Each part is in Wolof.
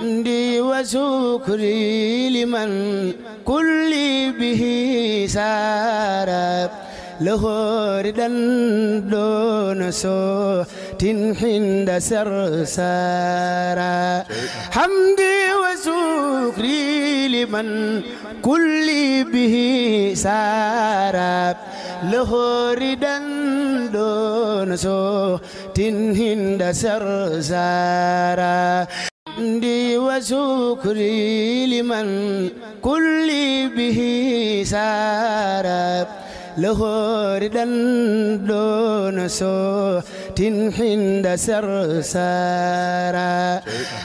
حمدي وشكري لمن كل به سارا لهور دن دون صوت حند سرسارا حمدي وشكري لمن كل به سارا لهور دن دون صوت حند سرسارا حمدي وشكري لمن كل به سارا له ردا دون صوت حند سرسارا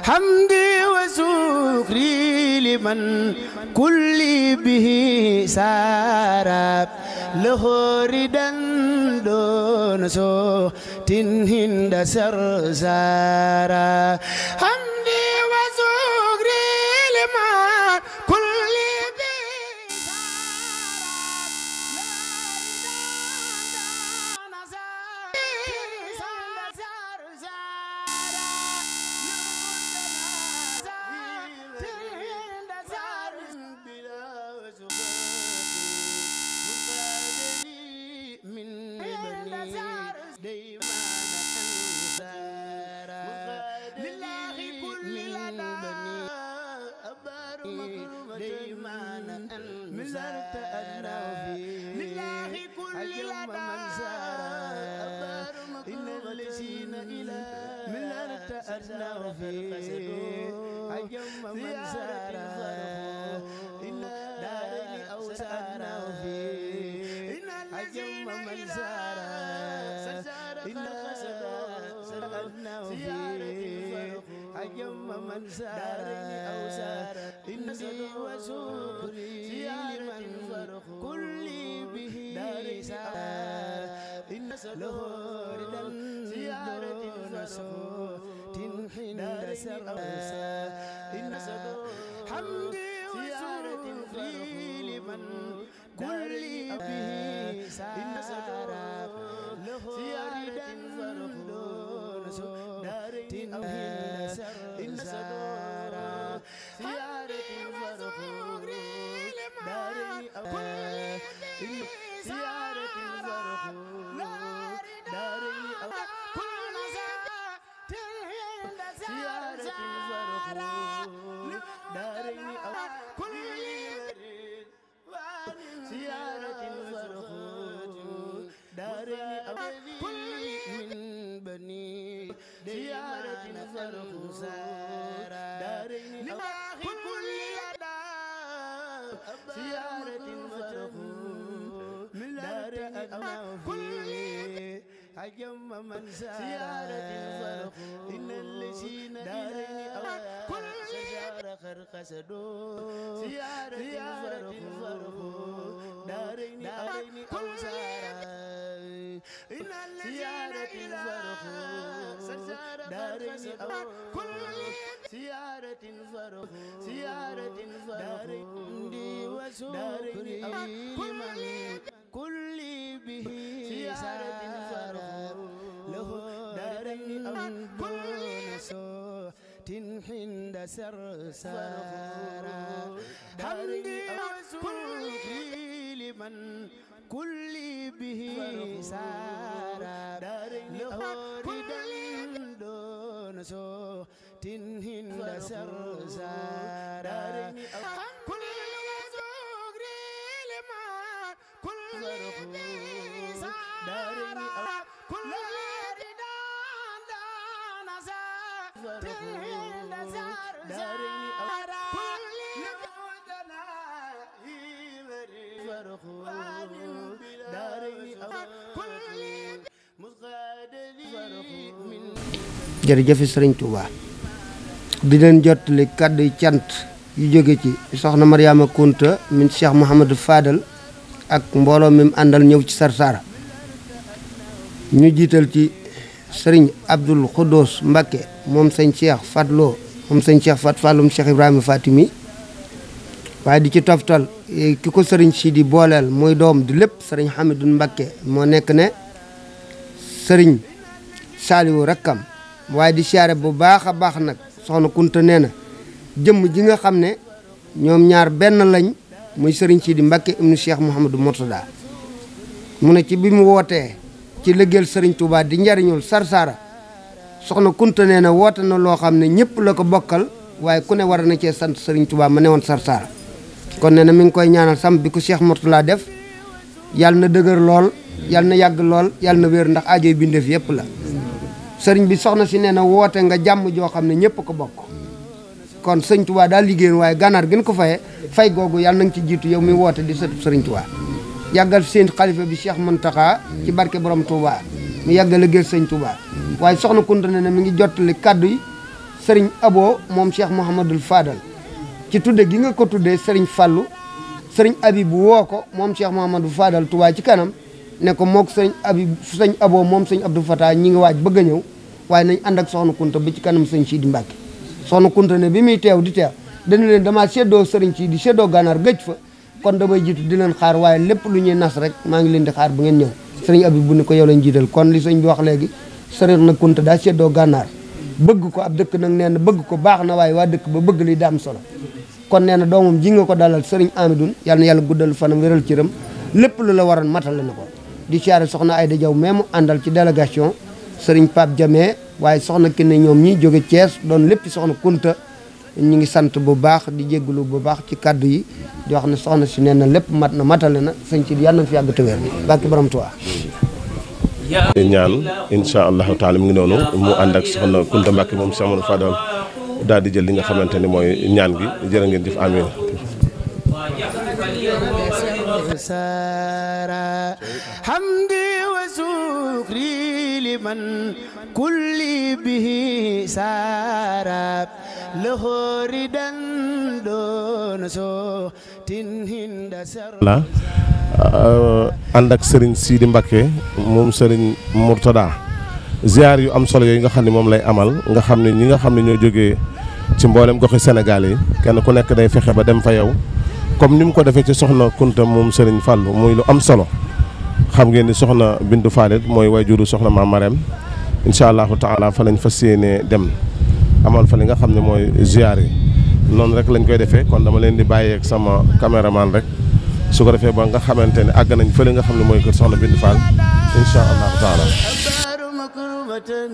حمدي وشكري لمن كل به سارا له ردا دون صوت حند سرسارا الله فيه أجم من ساره إلا داري أو ساره فيه أجم من ساره إلا سرقنا فيه أجم من ساره أو ساره إني لمن كل به ساره إن سلوه ردا زيارة الرسول حين سرسا إن حمدي وسروري لمن كل به إن سرى له سيارة فرح دون سدارة إن سرى من زار إن الذين آه، إلى كل شجار خرق سدو زيارة فرخو دارين دارين كل إن الذين إلى سجار دارين كل سيارة فرخ سيارة فرخ دي وسوكري كل به سيارة كل نسوة حند سرسارا حمدي كل لمن كل به سارا له ردا دون سوء حند سرسارا jërëjëf sëriñ Touba di leen jottali kàdd cant yu jóge ci soxna Mariama Kunta min Cheikh Mouhamadou Fadal ak mbooloo mi mu àndal ñëw ci Sarsara ñu jiital ci sëriñ Abdul Khoudous Mbakke moom sëñ Cheikh Fatloo moom sëñ Cheikh Fat Fallum Cheikh Ibrahima Fatimi waaye di ci toftal eh, ki ko sëriñ si di booleel muy doom di lépp sëriñ Hamidou Mbakke moo nekk ne sëriñ Saliou Rakkam waaye di siyaare bu baax a baax nag soxna Kunta nee na jëmm ji nga xam ne ñoom ñaar benn lañ muy sëriñ Sidi Mbacke ibnu Cheikh Mouhamadou Mourtada mu ne ci bi mu wootee ci liggéeyal sëriñ Touba di njariñul Sarsara soxna Kunta nee na woote na loo xam ne ñëpp la ko bokkal waaye ku ne war na cee sant sëriñ Touba ma newoon Sarsara kon nee na mi ngi koy ñaanal sam bi ko Cheikh Mourtada def yàlla na dëgër lool yàlla na yàgg lool yàlla na wéer ndax aajoy bindeef yëpp la sëriñ bi soxna si nee na woote nga jàmm joo xam ne ñëpp ko bokk kon sëñ Tuubaa daal liggéey waaye ganaar gën ko faye fay googu yàlla na nga ci jiitu yow muy woote di sëtu sëriñ Tuubaa yàggal seen xalifa bi Cheikh Mountakha ci barke borom Touba mu yàggal liggéey sëñ Touba waaye soxna Kunta ne mu ngi jottali kàddu yi sëriñ Abo moom Cheikh Mouhamadul Fadal ci gi nga ko tuddee sëriñ Fallou sëriñ Abib woo ko moom Cheikh Mouhamadul Fadal Touba ci kanam ne ko mok seigne abi seigne abo mom seigne abdou fata ñi nga waj bëgg ñew ñëw nañ ànd ak kunta bi ci kanam seigne sii mbacke mbàkke soxna kunta ne bi mi tew di tew dañu leen dama seddo seigne sii di seddoo gànnaar fa kon damay jitu di leen xaar waaye lepp lu ñuy nas rek ma ngi leen di xaar bu ngeen ñew seigne abi bu ne ko yow lañ jidal kon li seigne bi wax legi seigne na kunta da seddo ganar bëgg ko ab dëkk nak neena bëgg ko baax na waaye wa dëkk ba bëgg li daam solo kon neena doomum ji nga ko dalal sëriñ amidun yani yalla guddal fanam ci reum lepp lu la waroon matal na ko di ciara soxna Ayda Jaw même andal ci délégation serigne Pape Jamee waye soxna ne ñom ñi jóge Thiès doon lépp soxna Kunta ñi ngi sante bu baax di jéglu bu baax ci kaddu yi di wax ne soxna ci nena na lépp mat na matale na señ ci yalla fi yag tëwéer bàkki borom tuwa ñaan inshallah taala mu ngi nonu mu ànd ak soxna Kunta mbakki mom si Fadal daal di jël li nga xamanteni moy ñaan gi jërë ngeen def amin شكري لمن كل به سارب له ردا دون صوت هند سر لا ànd ak Serigne Sidi Mbacké moom sëriñ Mourtada ziar yu am solo yooyu nga xam ne moom lay amal nga xam ne ñi nga xam ne ñoo jógee ci mboolem goxi Sénégal yi kenn ku nekk day fexe ba dem fa yow comme ni mu ko defee ci soxna Kunta moom sëriñ Fallou muy lu am solo. xam ngeen ni soxna Bintu Falit mooy wayjuru soxna maam Marème incha allahu taala fa lañ fas yéenee dem amal fa li nga xam ne mooy ziar yi noonu rek lañ koy defee kon dama leen di bàyyeeg sama caméraman rek su ko defee ba nga xamante ne àgg nañ fële nga xam ne mooy kër soxna Bintu Fall incha allahu taala. رحمة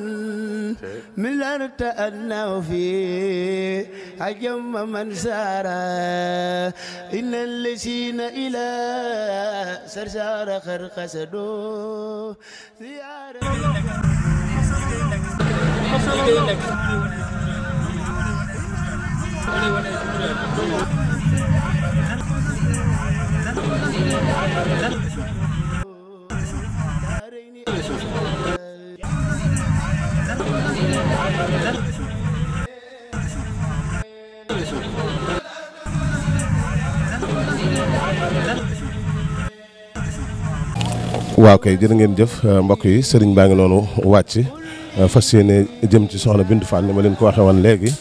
من أن أنه في عجم من سار إن الذين إلى سرسار خرق سدوا Thank you. waaw kay jërë ngeen jëf euh, mbokk yi sëriñ baa ngi noonu wàcc euh, fas yéene jëm ci soxna Bintu Fall ni ma leen ko waxee woon léegi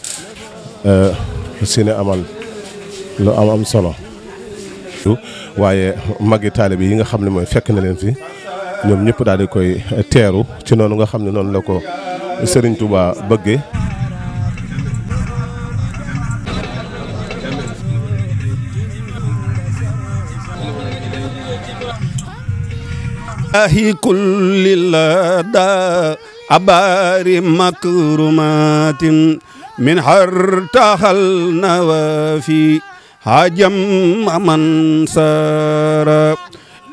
euh, fas amal lu am am solo. waaye magi taalibe yi nga xam ne mooy fekk na leen fi ñoom ñëpp daal di koy teeru ci noonu nga xam ne noonu la ko sëriñ Touba bëgge الله كل لدى أبار مكرمات من حرتها النوافي هاجم من سار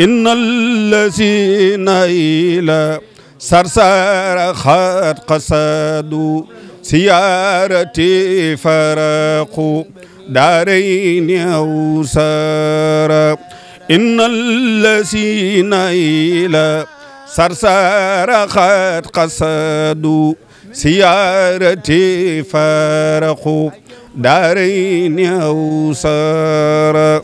إن الذين إلى سرسار خات قصادوا سيارتي فرقوا دارين أو سارا إن الذين إلى سرسار قد قصدوا سيارتي فارقوا aw néew sara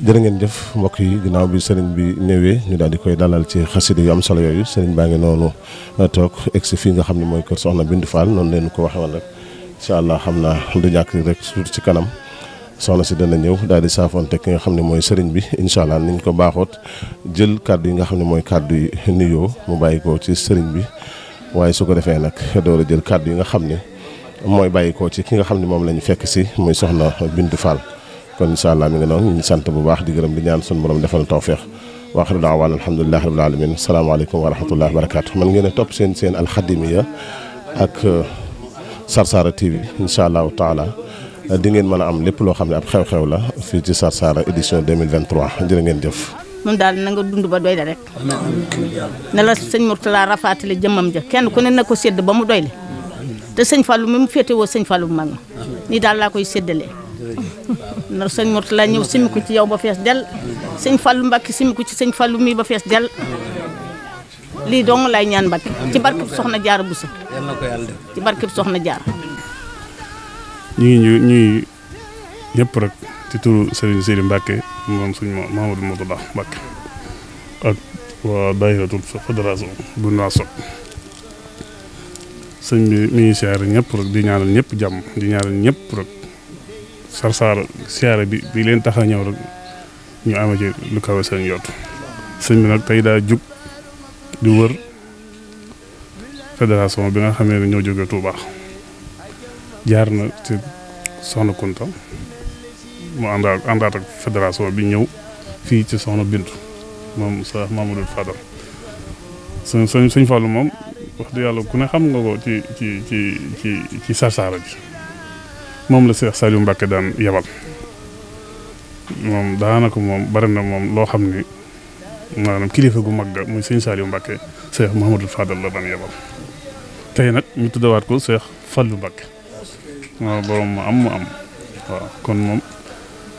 jërë ngeen jëf mbokk yi ginnaaw bi sëriñ bi ñëwee ñu daal di koy dalal ci xasida yu am solo yooyu sëriñ baa ngi noonu uh, toog egsi fii nga xam ne mooy kër soxna Bindu Fall noonu leen ko waxee woon rek incha allah xam naa du ñàkk rek suur ci kanam soxna si dana ñëw daal di saafoonte ki nga xam ne mooy sëriñ bi incha allah niñ ko baaxoot jël kàddu yi nga xam ne mooy kàddu yi nuyoo mu bàyyi ko ci sëriñ bi waaye su ko defee nag door jël kàddu yi nga xam ne mooy bàyyi ko ci ki nga xam ne moom la ñu fekk si muy soxna Bintu Fall kon incha mi ngi noonu ñu sant bu baax di gërëm bi ñaan suñu borom defal tawféex wa axiru daawaan daa rabil alamin salaamaaleykum wa rahmatullahi wa barakaatu man ngeen a topp seen seen alxadimiya ak Sarsara TV incha allahu di ngeen mën a am lépp loo xam ne ab xew-xew la fii ci mil édition 2023 jërë ngeen jëf. ñun daal na nga dund ba doy la rek. ne la sëñ Mourtala rafaatale jëmmam ja kenn ku ne na ko sédd ba mu doy la te sëñ Fallou mi mu féetewoo sëñ Fallou mag ma nii daal laa koy séddalee. na sëñ Mourtala ñëw simiku ci yow ba fees dell sëñ Fallou Mbacke simiku ci sëñ Fallou mii ba fees dell lii dong lay ñaan Mbacke ci barkeb soxna bu Bousso. ci barkeb soxna Diarra. ñu ngi ñu ñuy ñëpp rek ci turu Serigne Sidi Mbacke moom suñ Mahamadou baax Mbacke ak waa daayiratul fédération bu Nouakchott sëñ bi mi ngi siyaare ñëpp rek di ñaanal ñëpp jàmm di ñaanal ñëpp rek sarsaara siyaare bi bi leen tax a ñëw rek ñu amee ci lu kawe seen yoot sëñ bi nag tey daa jug di wër fédération bi nga xamee ne ñoo jógee baax jaarna ci soxna Kunta mu àndaat àndaat ak fédération bi ñëw fii ci soxna Bintu moom sa Mamadou Fadal suñ suñ suñ Fallou moom wax dëgg yàlla ku ne xam nga ko ci ci ci ci ci sarsaara ji moom la Cheikh Saliou Mbacke daan yebal moom daanaka moom bari na moom loo xam ni maanaam kilifa gu mag ga muy sëñ Saliou Mbacke Cheikh Mahamadou Fadal la daan yebal tey nag ñu tuddawaat ko Cheikh fallu Mbacke waaw borom mu am mu am waaw kon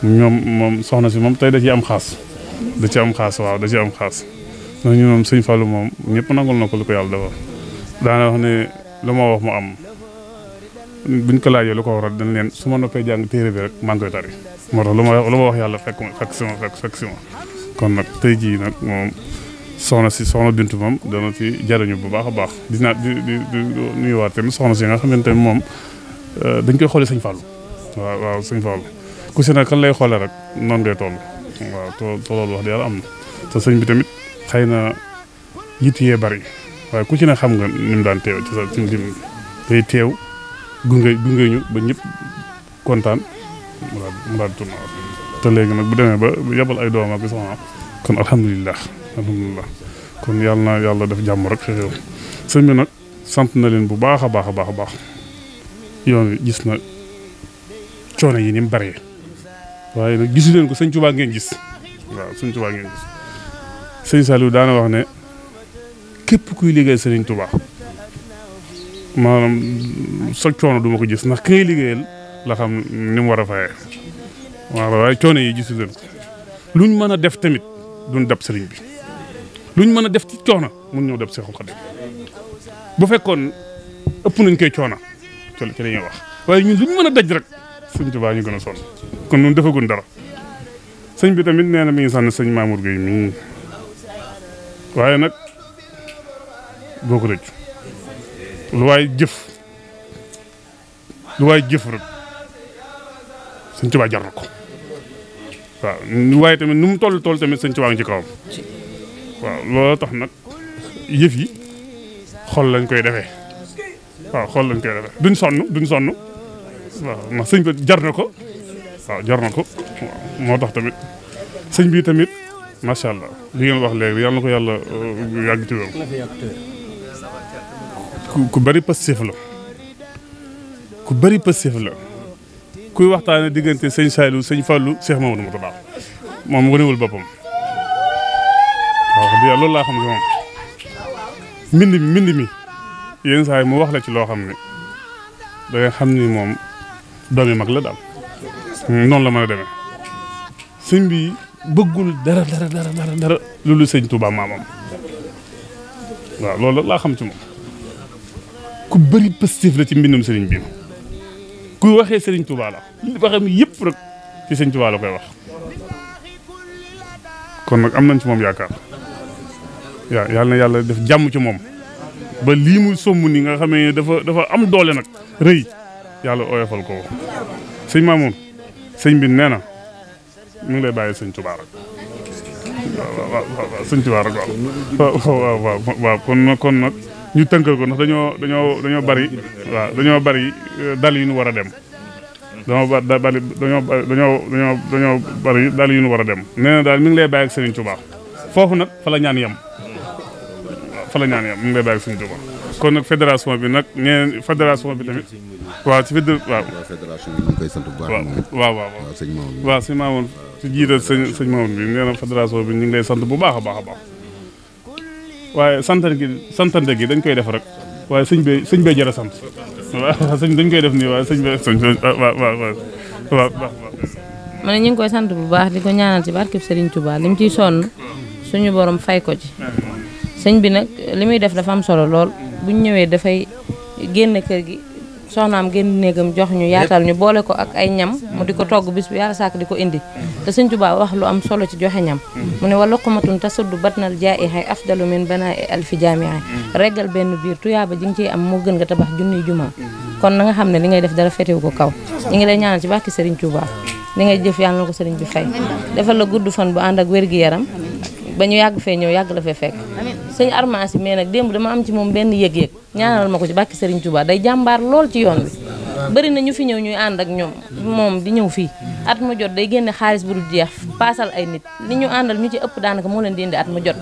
moom moom soxna si moom tey da ci am xaas da ci am xaas waaw da ci am xaas moom sëñ Fallou moom ñëpp nangul na ko lu ko yàlla defal daana wax ne lu ma wax mu am buñ ko laajee lu ko waral dañ leen su ma noppee jàng téere bi rek maa ngi koy tari moo tax lu ma wax yàlla fekk ma fekk si ma fekk si ma kon nag tey jii nag moom soxna si soxna Bintu moom dana ci jariñu bu baax a baax dinaa di di di nuyuwaat tamit soxna si nga xamante ne moom Euh, dañ koy xoole sëñ Fallou waaw waaw sëñ Fallou ku si ne lay xoolee rek noonu ngay toll too tooloolu wax dëgg yàlla am na sëñ bi tamit xay na yitt yee bari waaye ku ci ne xam nga ni daan teew ci sa ci lim day teew gunge ñu ba ñëpp kontaan mu daal nag bu demee ba yabal ay doom ak i soxnaam kon alhamdulilah alhamdulilah kon yàlla na yàlla def jàmm rek xëy sëñ bi nag sant na leen bu baax a baax a baax a baax. yoon wi gis na coono yi ni mu bëree waaye nag gisu leen ko sëñ Tuubaa ngeen gis waaw sëñ Tuubaa ngeen gis daana wax ne képp kuy liggéeyal sëriñ Tuubaa maanaam sa coono du ma ko gis nax ki ngay liggéeyal la xam ni war a fayee waaw waaye coono yi gisu leen ko luñ mën a def tamit duñ dab sëriñ bi luñ mën a def ci coono mun ñëw dab Seexul Xadiim bu fekkoon ëpp nañ koy coono ci la ñuy wax waaye ñun lu ñu mën a daj rek sëñ Tuubaa ñu gën a sonn kon ñun defagun dara sëñ bi tamit nee na mi ngi sànn sëñ Mamour Gueye mii waaye nag boo ko rëccu lu waay jëf lu waay jëf rek sëñ Tuubaa jar na ko waaw waaye tamit nu mu toll toll tamit sëñ Tuubaa ngi ci kawam waaw loolu tax nag yëf yi xol lañ koy defee waaw xool lañ koy defee duñ sonn duñ sonn sëñ bi jar na ko waaw jar na ko moo tax tamit sëñ bi tamit macha allah li ngeen wax léegi yal na ko yàlla uh, yàgg ci wér ku bari passif la ku bari passif la kuy waxtaane diggante sëñ Saliou sëñ Fallou Cheikh Mamadou Mourtada moom wanewul boppam waaw wax loolu laa xam ne moom mi mbind mi yenn saa yi mu wax la ci loo xam ne da xam ni moom doomi mag la daal hmm, noonu la mën a demee sëñ bi bëggul dara dara dara dara dara loolu sëñ Touba maamam waaw loolu laa xam ci moom ku bëri positif la ci mbindum sëriñ bi ku waxee sëriñ Touba la waxam yëpp rek ci sëñ Touba la koy wax kon nag am nañ ci moom yaakaar waaw yàlla na yàlla def jàmm ci moom ba lii mu somm ni nga xamee dafa dafa am doole nag rëy yàlla oyofal ko sëñ Mamoun sëñ bi nee na mu ngi lay bàyyi sëñ Tuubaa rek waaw waaw kon nag ñu tënkal ko ndax dañoo dañoo dañoo bari waaw dañoo bari euh, dal yu nu war a dem dañoo ba bari dañoo dañoo dañoo dañoo bari dal yu ñu war a dem nee daal mi ngi lay bàyyi ak sëriñ Tuubaa foofu nag fa la ñaan yam fa la ñaan yam mu ngi lay bàyyi suñu kon nag fédération bi nag ñeneen fédération bi tamit waaw ci fédé waaw fédération bi ñu ngi koy sant bu baax waaw waaw sëñ Mamoun waaw sëñ Mamoun ci jiital bi nee na fédération bu a baax a baax waaye santan gi santante gi dañ koy def rek waaye sëñ bi sëñ bee jërë sant waaw sëñ dañ koy def nii waaye sëñ bi sëñ waaw waaw waaw ma ne ñu ngi koy sant bu baax di ko ñaanal ci borom fay ko ci sëñ bi nag li muy def dafa am solo lool bu ñu ñëwee dafay génn kër gi soxnaam génn néegam jox ñu yaatal ñu boole ko ak ay ñam mu di ko togg bis bi yàlla sàkk di ko indi te sëñ Tuubaa wax lu am solo ci joxe ñam mu ne wa luqmatun tasuddu batnal jaa'ihi afdalu min banaa'i alfi jaami'i reggal benn biir tuyaaba ji nga ciy am moo gën nga tabax junniy jumaa kon na nga xam ne li ngay def dara fetewu ko kaw ñu ngi lay ñaanal ci barke Sëriñ Tuubaa li ngay jëf yàlla na ko sëriñ bi fay defal la gudd fan bu ànd ak wér-gi-yaram ba ñu yàgg fee ñëw yàgg la fee fekk sëñ Arma Sy mais nag démb dama am ci moom benn yëg-yëg ñaanal ma ko ci bàkki tubaa day jàmbaar lool ci yoon bi bëri na ñu fi ñëw ñu ànd ak ñoom moom di ñëw fii at mu jot day génne xaalis bu dul jeex paasal ay nit li ñu àndal ñu ci ëpp daanaka moo leen di at mu jot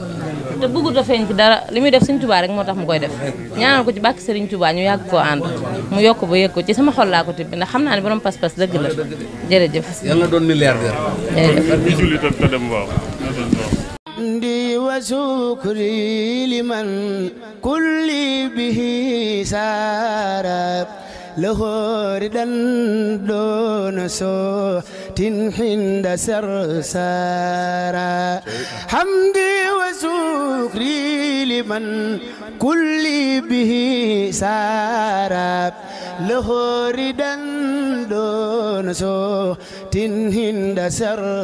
te bëggut a feeñ ci dara li muy def sëñ Touba rek tax mu koy def ñaanal ko ci bàkki Serigne Touba ñu yàgg koo ànd mu yokk ba yëg ko ci sama xol laa ko tibbi ndax xam naa ne borom pas-pas dëgg la jërëjëf yàlla doon milliardaire jërëjëf حمدي وشكري لمن كل به سارا له ردا دون صوت حند سرسارا حمدي وشكري لمن كل به سارا له ردا دون صوت حند سرسارا